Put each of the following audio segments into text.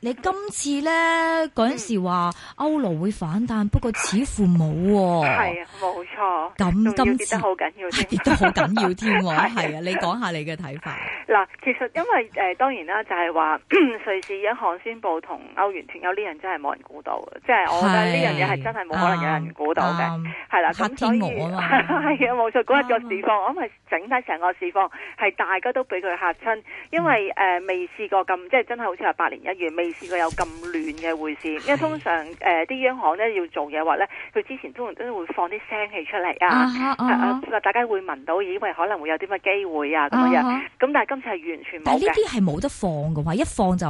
你今次咧嗰陣時話歐羅會反彈，嗯、不過似乎冇。係啊，冇錯。咁那今次跌得好緊要添，跌得好緊要添。係啊，你講下你嘅睇法。嗱，其實因為誒、呃，當然啦，就係、是、話瑞士央行宣布同歐元斷，有呢樣真係冇人估到。即係我覺得呢樣嘢係真係冇可能有人估到嘅。係啦、啊，咁、啊、所以係 啊，冇錯。嗰日個市況，我諗係整晒成個市況，係大家都俾佢吓親，因為誒未試過咁，即係真係好似話八年一月。未。未試過有咁亂嘅回事，因為通常誒啲央行咧要做嘢話咧，佢之前通常都會放啲聲氣出嚟啊，啊，啊，啊大家會聞到，因為可能會有啲乜機會樣啊咁哈樣，咁但係今次係完全冇呢啲係冇得放嘅話，一放就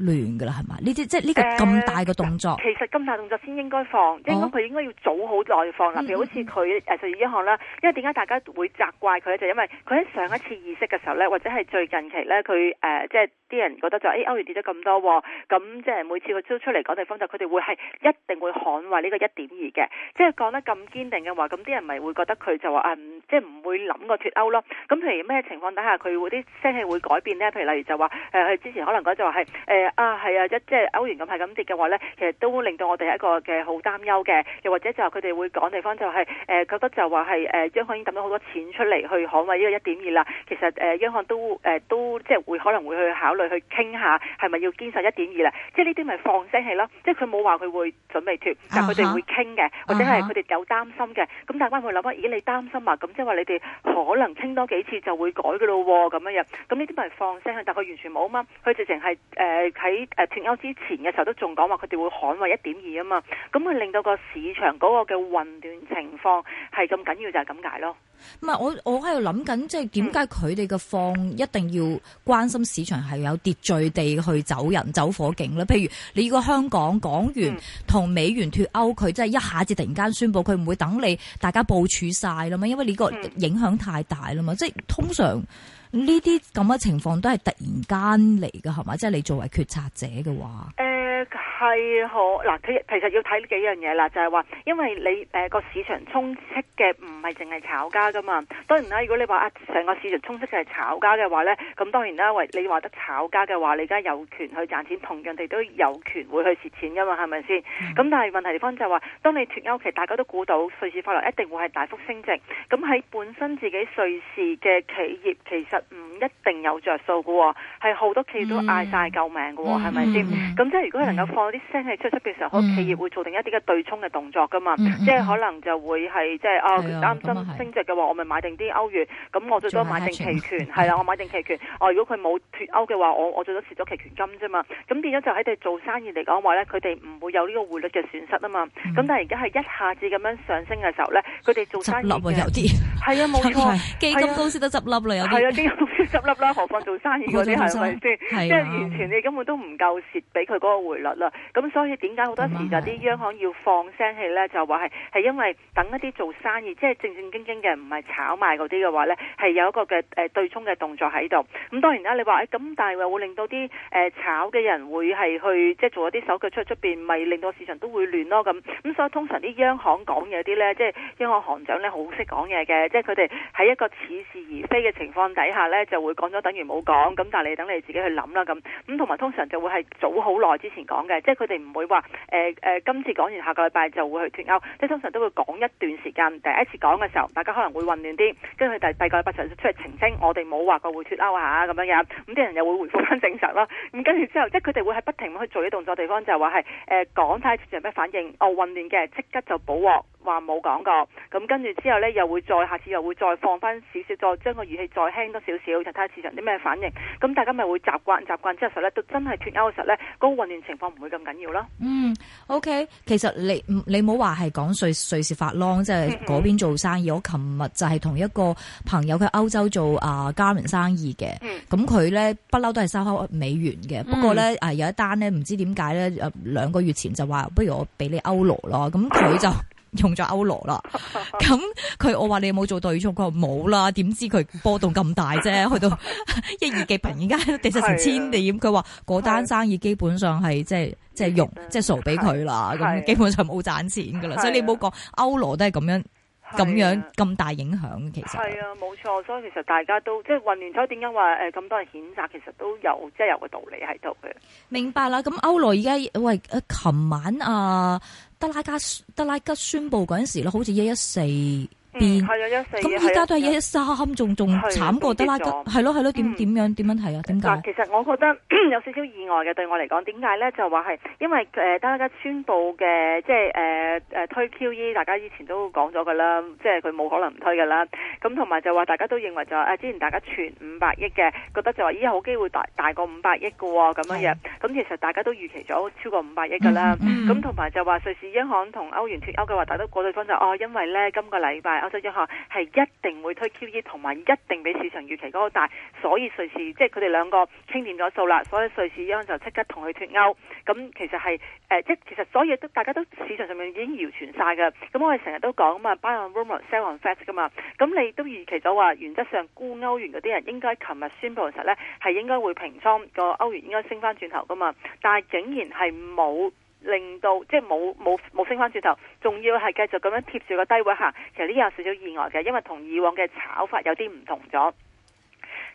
亂㗎啦，係嘛？呢啲即係呢個咁大嘅動作，呃、其實咁大動作先應該放，因為佢應該要早好再放啦。譬如好似佢誒十二央行啦，嗯嗯因為點解大家會責怪佢咧？就係、因為佢喺上一次意識嘅時候咧，或者係最近期咧，佢誒即係啲人覺得就誒、欸、歐元跌咗咁多咁即係每次佢出出嚟講地方就，佢哋會係一定會捍衛呢個一點二嘅，即係講得咁堅定嘅話，咁啲人咪會覺得佢就話誒，即係唔會諗過脫歐咯。咁譬如咩情況底下佢會啲聲氣會改變呢？譬如例如就話佢、呃、之前可能講就話係誒啊，係啊，一即係歐元咁係咁跌嘅話呢，其實都會令到我哋一個嘅好擔憂嘅，又或者就佢哋會講地方就係、是、誒、呃，覺得就話係誒，央行已經抌咗好多錢出嚟去捍衛呢個一點二啦。其實誒、呃，央行都誒、呃、都即係會可能會去考慮去傾下，係咪要堅守。一點二啦，即係呢啲咪放聲氣咯，即係佢冇話佢會準備脱，uh、huh，但佢哋會傾嘅，或者係佢哋有擔心嘅，咁、uh huh。但係翻去諗啊，咦、哎、你擔心啊，咁即係話你哋可能傾多幾次就會改噶咯，咁樣樣，咁呢啲咪放聲氣，但佢完全冇啊嘛，佢直情係誒喺誒脱歐之前嘅時候都仲講話佢哋會捍衛一點二啊嘛，咁佢令到個市場嗰個嘅混亂情況係咁緊要就係咁解咯。唔係我，我喺度諗緊，即係點解佢哋嘅放一定要關心市場係有秩序地去走人走火警咧？譬如你個香港港元同美元脱歐，佢真係一下子突然間宣布，佢唔會等你大家部署晒啦嘛，因為你個影響太大啦嘛。即係通常呢啲咁嘅情況都係突然間嚟嘅，係嘛？即係你作為決策者嘅話。係好，嗱，其實要睇呢幾樣嘢啦，就係、是、話，因為你誒個、呃、市場充斥嘅唔係淨係炒家噶嘛。當然啦，如果你話啊成個市場充斥嘅係炒家嘅話咧，咁、嗯、當然啦，你話得炒家嘅話，你而家有權去賺錢，同樣地都有權會去蝕錢噶嘛，係咪先？咁、嗯、但係問題地方就係話，當你脱歐期，大家都估到瑞士法郎一定會係大幅升值。咁喺本身自己瑞士嘅企業，其實唔一定有着數嘅喎、哦，係好多企業都嗌晒救命嘅喎、哦，係咪先？咁即係如果能夠放嗰啲聲係出出嘅時候，個企業會做定一啲嘅對沖嘅動作㗎嘛，即係可能就會係即係啊擔心升值嘅話，我咪買定啲歐元，咁我最多買定期權，係啦，我買定期權。哦，如果佢冇脱歐嘅話，我我最多蝕咗期權金啫嘛。咁變咗就喺度做生意嚟講話咧，佢哋唔會有呢個匯率嘅損失啊嘛。咁但係而家係一下子咁樣上升嘅時候咧，佢哋做生意有啲。係啊冇錯，基金公司都執笠啦，有啲係啊啲公司執笠啦，何況做生意嗰啲係咪先？即係完全你根本都唔夠蝕俾佢嗰個匯率啊！咁所以點解好多時就啲央行要放聲氣咧？就話係係因為等一啲做生意即係、就是、正正經經嘅，唔係炒賣嗰啲嘅話咧，係有一個嘅、呃、對沖嘅動作喺度。咁當然啦、啊，你話咁、欸，但係會令到啲、呃、炒嘅人會係去即係、就是、做一啲手腳出出邊，咪、就是、令到市場都會亂咯。咁咁所以通常啲央行講嘢啲咧，即、就、係、是、央行行長咧好識講嘢嘅，即係佢哋喺一個似是而非嘅情況底下咧，就會講咗等於冇講。咁但係你等你自己去諗啦。咁咁同埋通常就會係早好耐之前講嘅。即係佢哋唔會話誒誒，今次講完下個禮拜就會去脱歐，即係通常都會講一段時間。第一次講嘅時候，大家可能會混亂啲，跟住第第二個禮拜就出嚟澄清，我哋冇話過會脱歐下咁、啊、樣樣。咁啲人又會回覆翻正常囉。咁跟住之後，即係佢哋會係不停去做啲動作，地方就係話係誒講睇下市場咩反應。哦，混亂嘅即刻就補鑊，話冇講過。咁跟住之後呢，又會再下次又會再放翻少少，再將個語氣再輕多少少，就睇下市場啲咩反應。咁、嗯、大家咪會習慣習慣之後，實咧到真係脱歐嘅時候呢，嗰、那個、混亂情況唔會咁咁緊要咯。嗯，OK，其實你唔你冇話係講瑞瑞士法郎，即係嗰邊做生意。我琴日就係同一個朋友，佢歐洲做啊加盟生意嘅。咁佢咧不嬲都係收口美元嘅。不過咧啊，有一單咧唔知點解咧，誒兩個月前就話不如我俾你歐羅咯。咁佢就、嗯。用咗歐羅啦，咁佢我話你有冇做對沖？佢話冇啦。點知佢波動咁大啫，去到一二幾平，而家跌成千點，佢話嗰單生意基本上係的即係即係用即係贖俾佢啦，咁的基本上冇賺錢噶啦。的所以你唔好講歐羅都係咁樣咁的樣咁大影響，其實係啊，冇錯。所以其實大家都即係混亂咗。點解話誒咁多人譴責，其實都有即係、就是、有個道理喺度嘅。明白啦。咁歐羅而家喂，琴晚啊。德拉吉德拉吉宣布嗰陣時咧，好似一一四。嗯，一四咁而家都係一三沙冚，仲仲慘過德拉加，係咯係咯，點點的樣點、嗯、樣睇啊？點解？但其實我覺得有少少意外嘅，對我嚟講，點解咧？就話係因為誒德拉加宣布嘅，即係誒誒推 QE，大家以前都講咗㗎啦，即係佢冇可能唔推㗎啦。咁同埋就話大家都認為就係誒、呃、之前大家傳五百億嘅，覺得就話依家好機會大大過五百億㗎喎，咁樣樣。咁、嗯、其實大家都預期咗超過五百億㗎啦。咁同埋就話瑞士央行同歐元脫歐嘅話，大家都過對方就哦，因為咧今個禮拜。歐洲央行係一定會推 QE，同埋一定比市場預期嗰個大，所以瑞士即係佢哋兩個傾掂咗數啦。所以瑞士央行就即刻同佢脱歐。咁其實係誒，即、呃、係其實所有都大家都市場上面已經謠傳晒㗎。咁我哋成日都講啊嘛，buy on rumor，sell on fact 噶嘛。咁你都預期咗話，原則上沽歐元嗰啲人應該琴日宣布嘅時候咧，係應該會平倉個歐元應該升返轉頭噶嘛。但係竟然係冇。令到即係冇冇冇升翻轉頭，仲要係繼續咁樣貼住個低位行，其實呢有少少意外嘅，因為同以往嘅炒法有啲唔同咗。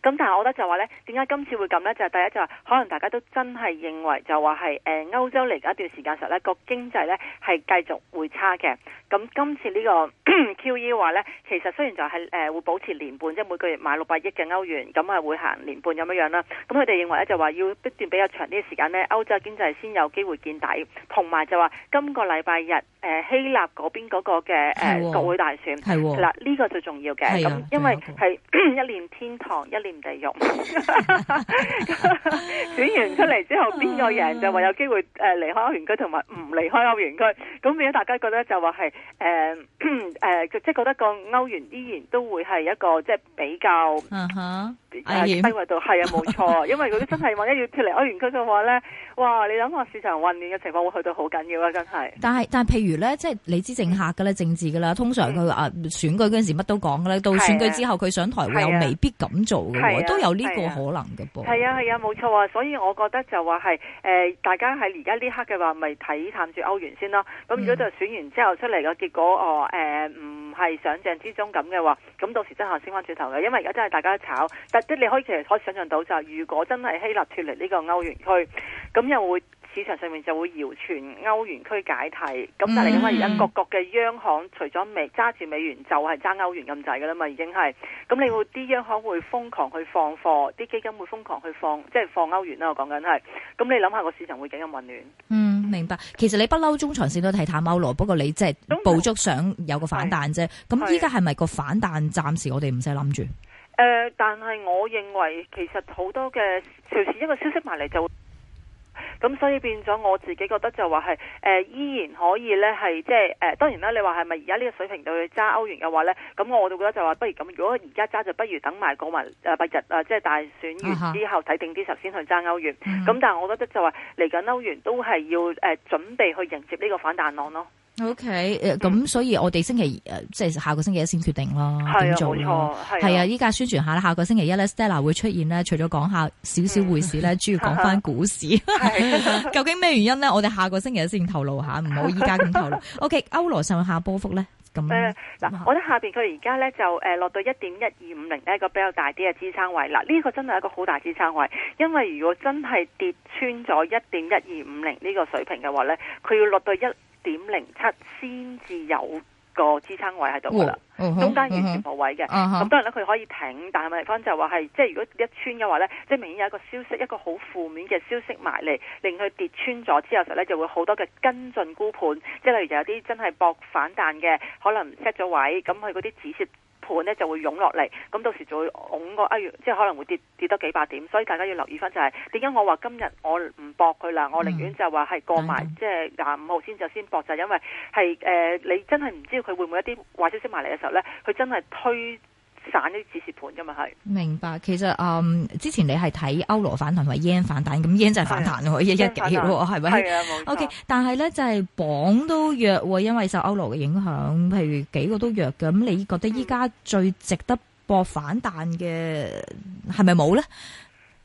咁但係我覺得就話呢，點解今次會咁呢？就係第一就話可能大家都真係認為就話係、呃、歐洲嚟緊一段時間時候呢個經濟呢係繼續會差嘅。咁今次呢個 QE 話呢，其實雖然就係、是呃、會保持年半，即係每個月買六百億嘅歐元，咁係會行年半咁樣樣啦。咁佢哋認為咧就話要一段比較長啲嘅時間呢，歐洲經濟先有機會見底，同埋就話今個禮拜日。誒希臘嗰邊嗰個嘅誒國會大選係啦，呢個最重要嘅咁，是的因為係的 一念天堂，一念地獄。 選完出嚟之後，邊個贏，啊、就話有機會離開歐元區，同埋唔離開歐元區。咁變咗大家覺得就話係誒誒，即、呃呃就係、覺得個歐元依然都會係一個即係、就係、比較低位度，係啊冇錯。 因為嗰啲真係萬一要脫離歐元區嘅話咧，哇！你諗下市場混亂嘅情況會去到好緊要啊，真係。但係但譬如。即係你知政客噶啦，政治噶啦，通常佢話啊選舉嗰陣時乜都講噶啦，到選舉之後佢上台會有未必咁做噶喎，啊、都有呢個可能噶噃。係啊係啊，冇錯啊，啊，啊，所以我覺得就話係誒，大家喺而家呢刻嘅話，咪睇探住歐元先咯。咁如果就選完之後出嚟嘅結果哦，誒唔係想象之中咁嘅話，咁到時真係升翻轉頭嘅，因為而家真係大家炒，但即你可以其實可以想象到就係，如果真係希臘脫離呢個歐元區，咁又會。市場上面就會謠傳歐元區解體，咁但係因為而家各國嘅央行除咗未揸住美元，就係、是、揸歐元咁滯嘅啦嘛，已經係。咁你會啲央行會瘋狂去放貨，啲基金會瘋狂去放，即係放歐元啦。我講緊係。咁你諗下個市場會點樣混亂？嗯，明白。其實你不嬲中長線都睇淡歐羅，不過你即係捕捉上有個反彈啫。咁依家係咪個反彈的暫時我哋唔使諗住？誒、呃，但係我認為其實好多嘅，隨時一個消息埋嚟就會。咁所以變咗我自己覺得就話係、呃、依然可以咧，係即係誒，當然啦，你話係咪而家呢個水平度去揸歐元嘅話咧，咁我我就覺得就話不如咁，如果而家揸就不如等埋過埋誒八日啊，即係大選完之後睇、uh huh. 定啲時候先去揸歐元。咁、mm hmm. 但係我覺得就話嚟緊歐元都係要誒、呃、準備去迎接呢個反彈浪咯。O K，誒，咁所以我哋星期誒，即係下個星期一先決定咯，點做，係啊，冇錯，係啊，依家宣傳下啦，下個星期一咧，Stella 會出現咧，除咗講下少少匯市咧，主要講翻股市，究竟咩原因呢？我哋下個星期一先透露下，唔好依家咁透露。O K，歐羅上下波幅咧，咁咧，嗱，我覺得下邊佢而家咧就誒落到一點一二五零咧個比較大啲嘅支撐位，嗱呢個真係一個好大支撐位，因為如果真係跌穿咗一點一二五零呢個水平嘅話咧，佢要落到一。點零七先至有個支撐位喺度噶啦，中間完全冇位嘅。咁、嗯嗯嗯嗯嗯嗯、當然咧，佢可以挺，但係問題方就話係，即係如果一穿嘅話咧，即係明顯有一個消息，一個好負面嘅消息埋嚟，令佢跌穿咗之後，實咧就會好多嘅跟進沽盤，即係例如有啲真係搏反彈嘅，可能 set 咗位，咁佢嗰啲止蝕。盤咧就會湧落嚟，咁到時就會拱個一月，即係可能會跌跌多幾百點，所以大家要留意返就係點解我話今日我唔博佢啦，我寧願就話係過埋即係廿五號先就先博，就是駁就是、因為係誒、呃、你真係唔知佢會唔會一啲壞消息埋嚟嘅時候咧，佢真係推。散啲指示盤嘅嘛係，明白。其實嗯，之前你係睇歐羅反彈同埋 yen 反彈，咁 yen 就係反彈咯，的可以一一日喎，係咪？係啊，冇吧 OK，但係咧就係、是、榜都弱喎，因為受歐羅嘅影響，譬如幾個都弱嘅，咁你覺得依家最值得博反彈嘅係咪冇咧？誒、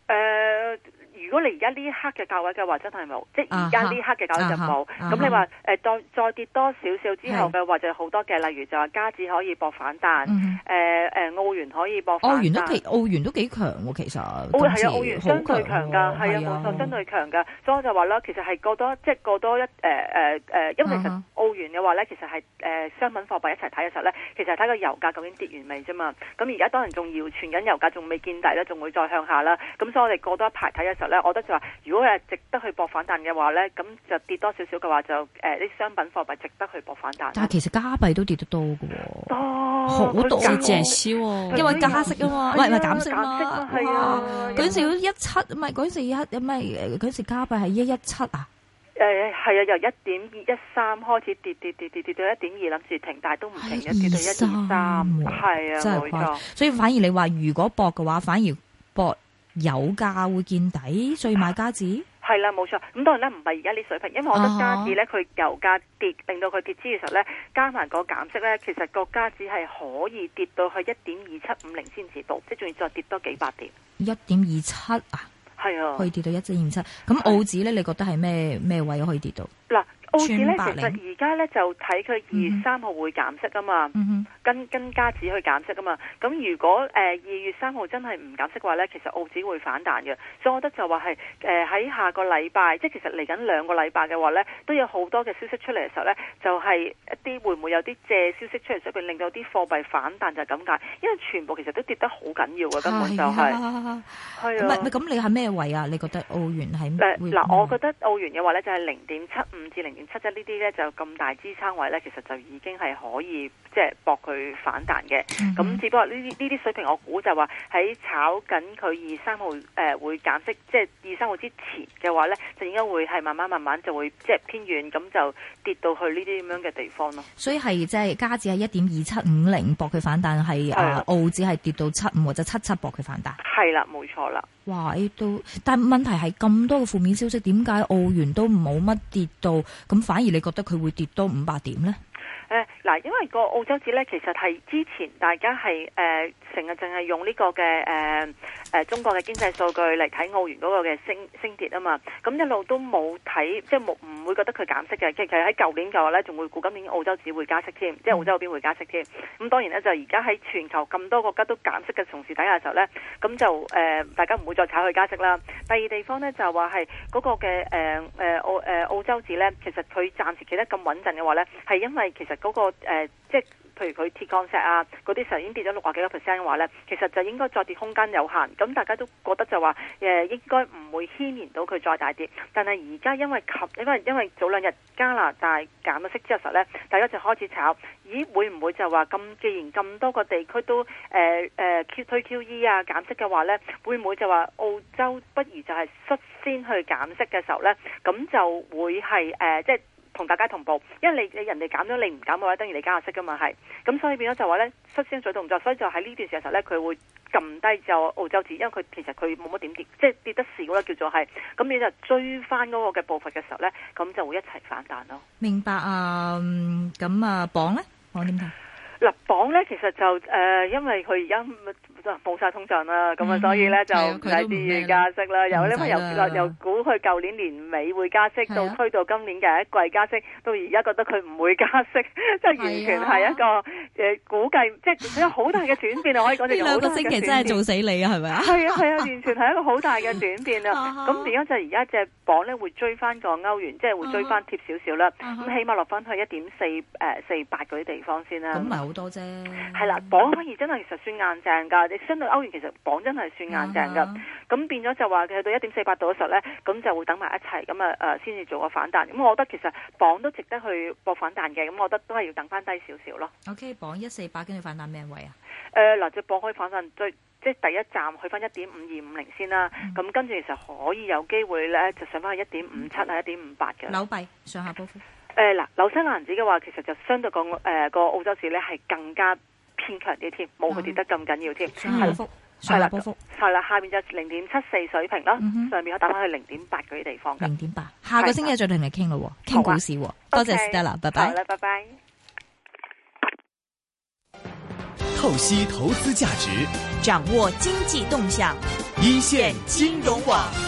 嗯。是如果你而家呢刻嘅價位嘅話真的沒有，真係冇，即係而家呢刻嘅價位就冇。咁、啊、哈你話誒，當、啊哈呃、再跌多少少之後嘅話就很的，就好多嘅，例如就話加紙可以博反彈，誒誒、嗯呃、澳元可以博。澳元都幾澳元都幾強喎，其實。係啊，澳元相對強㗎，係啊冇錯，相對強㗎。所以我就話啦，其實係過多即係過多一誒誒誒，因為其實澳元嘅話咧，其實係誒、呃、商品貨幣一齊睇嘅時候咧，其實睇個油價究竟跌完未啫嘛。咁而家當然仲謠，傳緊，油價仲未見底咧，仲會再向下啦。咁所以我哋過多一排睇嘅時候咧。我覺得就話，如果係值得去搏反彈嘅話咧，咁就跌多少少嘅話就誒啲商品貨幣值得去搏反彈。但係其實加幣都跌得多嘅喎，多好多啊，因為加息啊嘛，唔係唔係減息息，係啊，嗰陣時一七唔係嗰陣時一咩？嗰陣時加幣係一一七啊。誒係啊，由一點一三開始跌跌跌跌跌到一點二，諗住停，但係都唔停，一跌到一點三。係啊，真係冇錯。所以反而你話如果搏嘅話，反而搏。油價會見底，所以買加紙係啦，冇錯、啊。咁當然咧，唔係而家啲水平，因為我覺得加紙咧，佢、啊、哈油價跌，令到佢跌資嘅時候咧，加埋個減息咧，其實個加紙係可以跌到去一點二七五零先至到，即係仲要再跌多幾百點。一點二七啊，係啊的，可以跌到一點二七。咁澳紙咧，你覺得係咩咩位可以跌到？嗱、啊。澳紙咧，全 80? 其實而家咧就睇佢二月三號會減息噶嘛，嗯、哼跟跟加紙去減息噶嘛。咁如果誒二、呃、月三號真係唔減息嘅話咧，其實澳紙會反彈嘅。所以我覺得就話係誒喺下個禮拜，即係其實嚟緊兩個禮拜嘅話咧，都有好多嘅消息出嚟嘅時候咧，就係、是、一啲會唔會有啲借消息出嚟，所以令到啲貨幣反彈就係咁解。因為全部其實都跌得好緊要嘅，根本就係係啊。唔咁你係咩位啊？你覺得澳元係咩位？嗱，我覺得澳元嘅話咧就係零點七五至零。七七呢啲咧就咁大支撐位咧，其實就已經係可以即係博佢反彈嘅。咁、嗯、哼只不過呢呢啲水平，我估就話喺炒緊佢二三號誒、呃、會減息，即係二三號之前嘅話咧，就應該會係慢慢慢慢就會即係、就是、偏軟，咁就跌到去呢啲咁樣嘅地方咯。所以係即係加紙係一點二七五零，博佢反彈係誒澳紙係跌到七五或者七七博佢反彈。係啦，冇的錯啦。哇！都但問題係咁多嘅負面消息，點解澳元都冇乜跌到咁，反而你覺得佢會跌多五百點呢？誒，嗱，因為個澳洲紙咧，其實係之前大家係誒成日淨係用呢個嘅誒誒中國嘅經濟數據嚟睇澳元嗰個嘅升升跌啊嘛，咁一路都冇睇，即係冇唔會覺得佢減息嘅。其實喺舊年嘅話咧，仲會估今年澳洲紙會加息添，即係澳洲嗰邊會加息添。咁當然咧，就而家喺全球咁多國家都減息嘅同時底下嘅時候咧，咁就誒、呃、大家唔會再炒佢加息啦。第二地方咧就話係嗰個嘅誒誒澳誒澳洲紙咧，其實佢暫時企得咁穩陣嘅話咧，係因為其實。嗰、那個、呃、即係譬如佢鐵鋼石啊，嗰啲時候已經跌咗六十幾個 percent 嘅話咧，其實就應該再跌空間有限。咁大家都覺得就話誒、呃，應該唔會牽連到佢再大跌。但係而家因為及因為因為早兩日加拿大減咗息之後實咧，大家就開始炒。咦，會唔會就話咁？既然咁多個地區都誒推、呃呃、QE 啊減息嘅話咧，會唔會就話澳洲不如就係率先去減息嘅時候咧，咁就會係、呃、即係？同大家同步，因為你你人哋減咗，你唔減嘅話，等於你加下息噶嘛係，咁所以變咗就話咧率先做動作，所以就喺呢段時間時候咧，佢會撳低就澳洲紙，因為佢其實佢冇乜點跌，即係跌得少啦，叫做係，咁你就追翻嗰個嘅步伐嘅時候咧，咁就會一齊反彈咯。明白啊，咁、嗯、啊，鎊咧，我點睇？嗱、呃，鎊咧其實就誒、呃，因為佢而家，暴晒通脹啦，咁啊，所以咧就睇啲預加息啦。有啲話由來，由估佢舊年年尾會加息，到推到今年嘅一季加息，到而家覺得佢唔會加息，即係完全係一個誒估計，即係有好大嘅轉變我可以講住。呢兩個星期真係做死你啊，係咪啊？係啊係啊，完全係一個好大嘅轉變啊！咁而家就而家隻磅咧會追翻個歐元，即係會追翻貼少少啦。咁起碼落翻去一點四誒四八嗰啲地方先啦。咁唔係好多啫。係啦，磅可以真係實算硬淨㗎。相對歐元其實鎊真係算硬淨嘅，咁、uh huh。變咗就話佢到一點四八度嘅時候咧，咁就會等埋一齊咁啊誒，先至、呃、做個反彈。咁我覺得其實鎊都值得去搏反彈嘅，咁我覺得都係要等翻低少少咯。O K，鎊一四八跟住反彈咩位啊？誒嗱、呃，就博開反彈，最即係第一站去翻一點五二五零先啦。咁、uh huh。跟住其實可以有機會咧，就上翻去一點五七係一點五八嘅。紐幣上下波幅誒嗱，紐西蘭紙嘅話其實就相對講誒個澳洲紙咧係更加。偏強啲添，冇佢跌得咁緊要添，上幅、嗯，上的波幅，係啦，下面就零點七四水平啦，嗯、哼上面可打翻去零點八嗰啲地方嘅，零點八，下個星期再同你傾咯，傾的股市，啊、多謝 Stella，拜拜 Okay，好啦 bye，拜拜。透析投資價值，掌握經濟動向，一線金融網。